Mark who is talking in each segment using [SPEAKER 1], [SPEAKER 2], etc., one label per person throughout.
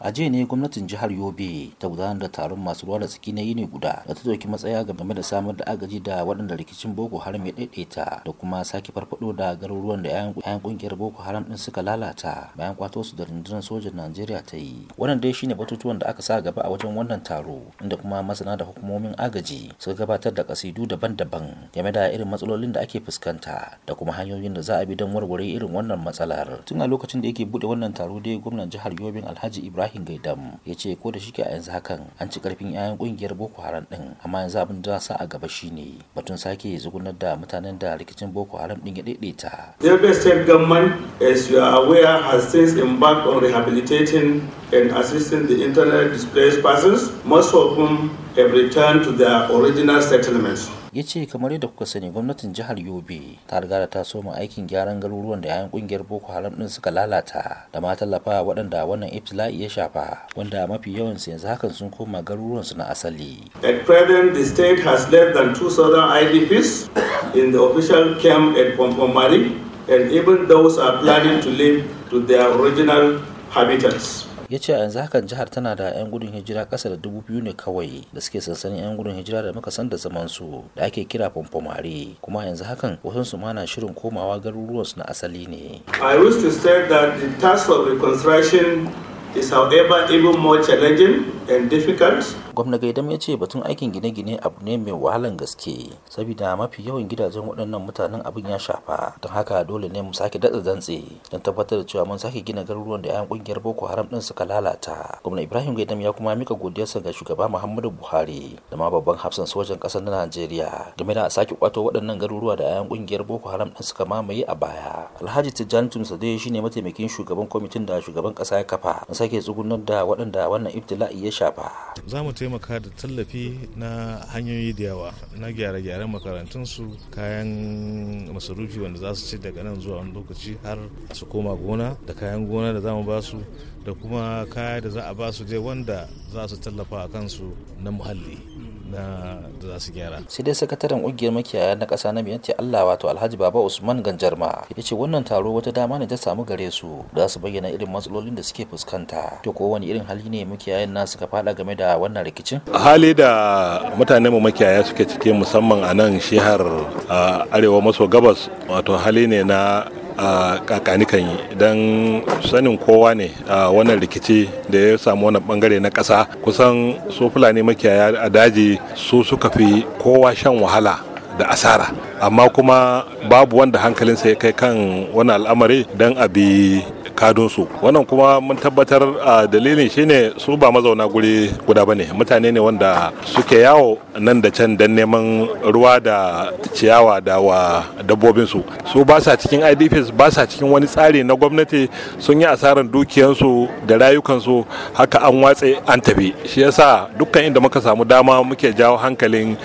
[SPEAKER 1] a jiya ne gwamnatin jihar yobe ta gudanar da taron masu ruwa da tsaki na yi ne guda da ta dauki matsaya game da samar da agaji da waɗanda rikicin boko haram ya daidaita da kuma sake farfado da garuruwan da 'ya'yan ƙungiyar boko haram ɗin suka lalata bayan kwato su da rundunar sojan najeriya ta yi wannan dai shine batutuwan da aka sa gaba a wajen wannan taro inda kuma masana da hukumomin agaji suka gabatar da kasidu daban-daban game da irin matsalolin da ake fuskanta da kuma hanyoyin da za a bi don warware irin wannan matsalar tun a lokacin da yake buɗe wannan taro dai gwamnan jihar yobe alhaji ibrahim Ibrahim Gaidam ya ce ko da shike a yanzu hakan an ci karfin 'ya'yan kungiyar Boko Haram din amma yanzu abin da sa a gaba shine batun sake zugunar da mutanen da rikicin Boko Haram din ya daidaita.
[SPEAKER 2] The State government as you are aware has since embarked on rehabilitating and assisting the internet displaced persons, most of whom have returned to their original settlements.
[SPEAKER 1] ya ce kamar yadda kuka sani gwamnatin jihar yobe ta riga da ta soma aikin gyaran garuruwan da yayan kungiyar boko haram din suka lalata da ma tallafa waɗanda wannan ibtila'i ya shafa wanda mafi yawan su yanzu hakan sun koma garuruwan su na asali
[SPEAKER 2] at present the state has less than 2000 idps in the official camp at pompomari and even those are planning to leave to their original habitats
[SPEAKER 1] ya ce a yanzu hakan jihar tana da 'yan gudun hijira kasa da dubu biyu ne kawai da suke sansanin 'yan gudun hijira da muka san da zaman su da ake kira fomfomare kuma yanzu hakan wasu su mana shirin komawa garuruwan su na asali ne.
[SPEAKER 2] I wish to state that the task of reconstruction is however even more challenging and difficult.
[SPEAKER 1] Gwamna Gaidam ya ce batun aikin gine-gine abu ne mai wahalan gaske saboda mafi yawan gidajen waɗannan mutanen abin ya shafa don haka dole ne mu sake datsa dantse don tabbatar da cewa mun sake gina garuruwan da 'ya'yan ƙungiyar Boko Haram ɗin suka lalata. Gwamna Ibrahim Gaidam ya kuma mika godiyarsa ga shugaba Muhammadu Buhari da ma babban hafsan sojan ƙasar na Najeriya game a sake kwato waɗannan garuruwa da 'ya'yan ƙungiyar Boko Haram ɗin suka mamaye a baya. Alhaji Tijjani Tumsade ne mataimakin shugaban kwamitin da shugaban ƙasa ya kafa sake tsugunar da waɗanda wannan ibtila'i ya ba.
[SPEAKER 3] Za mu taimaka da tallafi na hanyoyi da yawa na gyare-gyaren makarantunsu kayan masarufi wanda za su ci daga nan zuwa wani lokaci har su koma gona da kayan gona da za mu ba su da kuma kaya da za a ba su dai wanda za su tallafa a kansu na muhalli. na da za su
[SPEAKER 1] gyara sai dai sakataren ƙungiyar makiyaya na ƙasa na ce Allah wato Alhaji Baba Usman Ganjarma ya ce wannan taro wata dama ne ta samu gare su da su bayyana irin matsalolin da suke fuskanta to ko wani irin hali ne makiyayan na ka faɗa game da wannan rikicin
[SPEAKER 3] hali da mutane mu makiyaya suke cike musamman a nan shihar arewa maso gabas wato hali ne na kan yi don sanin kowa ne a wannan rikici da ya samu wannan bangare na ƙasa kusan su fulani makiyaya a daji su suka fi kowa shan wahala da asara amma kuma babu wanda hankalinsa ya kai kan wani al'amari don abi kadunsu wannan kuma mun tabbatar a dalilin shine su ba mazauna guri guda bane mutane ne wanda suke yawo nan da can dan neman ruwa da ciyawa da wa dabbobinsu su ba sa cikin idps ba sa cikin wani tsari na gwamnati sun yi asarar dukiyansu da rayukansu haka an watse an tafi shi yasa dukkan inda muka samu dama muke jawo hankalin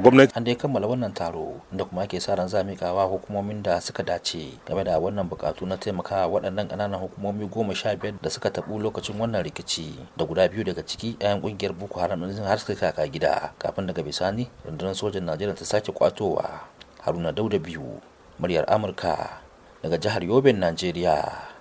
[SPEAKER 1] gwamnati an dai kammala wannan taro da kuma ake sa ran za zamikawa hukumomin da suka dace game da wannan bukatu na taimakawa waɗannan ƙananan hukumomi goma sha biyar da suka tabu lokacin wannan rikici da guda biyu daga ciki 'ya'yan kungiyar boko haram ɗin har suka kaka gida kafin daga bisani rundunar sojan najeriya ta sake kwatowa haruna dauda biyu muryar amurka daga jihar yoben najeriya